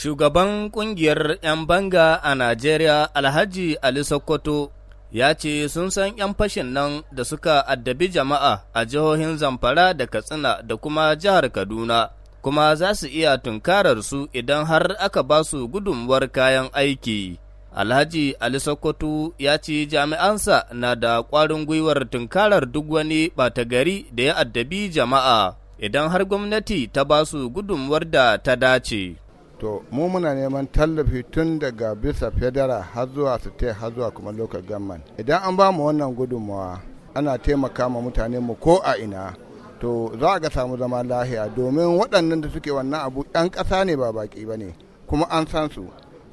Shugaban ƙungiyar 'yan banga a Najeriya Alhaji Ali Sokoto ya ce sun san 'yan fashin nan da suka addabi jama'a a jihohin Zamfara da Katsina da kuma jihar Kaduna, kuma za su iya tunkarar su idan har aka ba su gudunmuwar kayan aiki. Alhaji Ali Sokoto ya ce jami'ansa na da ƙwarin gwiwar tunkarar duk wani ɓata gari da ya addabi jama'a idan har gwamnati ta ba su gudunmuwar da ta dace. to mu muna neman tallafi tun daga bisa federa har zuwa state har zuwa kuma local government idan an ba mu wannan gudunmawa ana taimaka ma mutane mu ko a ina to za a ga samu zama lahiya domin waɗannan da suke wannan abu ɗan ƙasa ne ba baki ba ne kuma an san su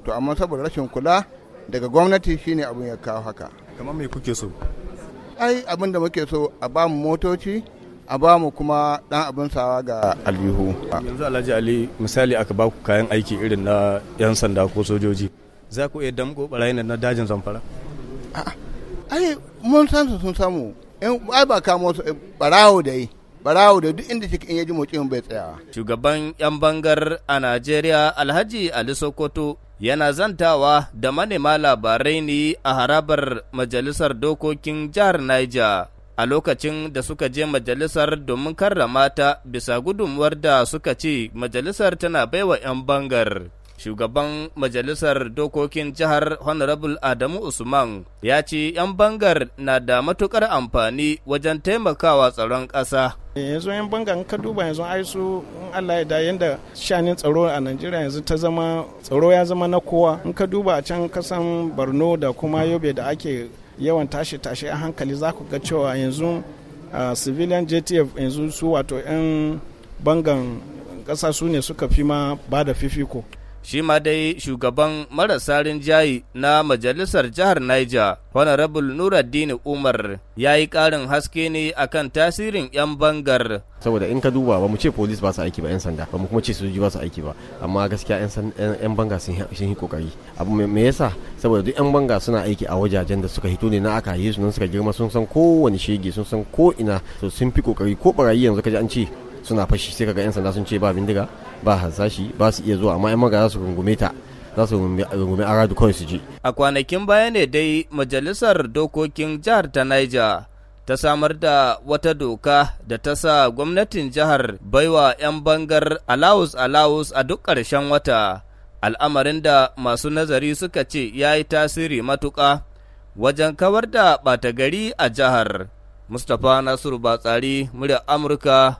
to amma saboda rashin kula daga gwamnati shine abin ya kawo haka kamar me kuke so ai abin da muke so a ba mu motoci a ba mu kuma dan abin sawa ga alihu yanzu alhaji ali misali aka ba ku kayan aiki irin na yan sanda ko sojoji za ku iya damko barayin na dajin zamfara ai mun san su sun samu ai ba ka mu barawo da yi barawo da duk inda cikin yaji motsin bai tsayawa. Shugaban 'yan bangar a Najeriya Alhaji Ali Sokoto yana zantawa da manema labarai ne a harabar Majalisar Dokokin Jihar Niger. a lokacin da suka je majalisar domin karrama ta bisa gudunmuwar da suka ce majalisar tana baiwa 'yan bangar. Shugaban majalisar dokokin jihar Honorable Adamu Usman ya ce 'yan bangar na da matukar amfani wajen taimakawa tsaron ƙasa. yanzu yan banga in ka duba yanzu ai su in Allah ya da yanda shanin tsaro a Najeriya yanzu ta zama tsaro ya zama na kowa in ka duba a can kasan Borno da kuma Yobe da ake yawan tashi tashi a hankali za ku ga cewa yanzu civilian jtf yanzu su wato 'yan bangan ƙasa su ne suka fi ma ba da fifiko Shi ma dai shugaban marasa rinjaye na majalisar jihar Niger, Honorable Nuraddini Umar, ya yi ƙarin haske ne akan tasirin 'yan bangar. Saboda in ka duba ba mu ce police ba su aiki ba 'yan sanda, ba mu kuma ce sojoji ba su aiki ba, amma gaskiya 'yan banga sun yi kokari. Abu me yasa? Saboda duk 'yan banga suna aiki a wajajen da suka hito ne na aka yi su nan suka girma sun san kowane shege sun san ko ina sun fi kokari ko barayi yanzu ka an ce suna fashi sai kaga yan sanda sun ce ba bindiga ba hasashi ba su iya zuwa amma yan magana su gungume ta za su aradu kawai su je a kwanakin baya ne dai majalisar dokokin jihar ta Niger ta samar da wata doka da ta sa gwamnatin jihar baiwa 'yan bangar alawus alawus a duk ƙarshen wata al'amarin da masu nazari suka ce ya yi tasiri matuƙa wajen kawar da ɓata gari a jihar mustapha nasiru batsari murya amurka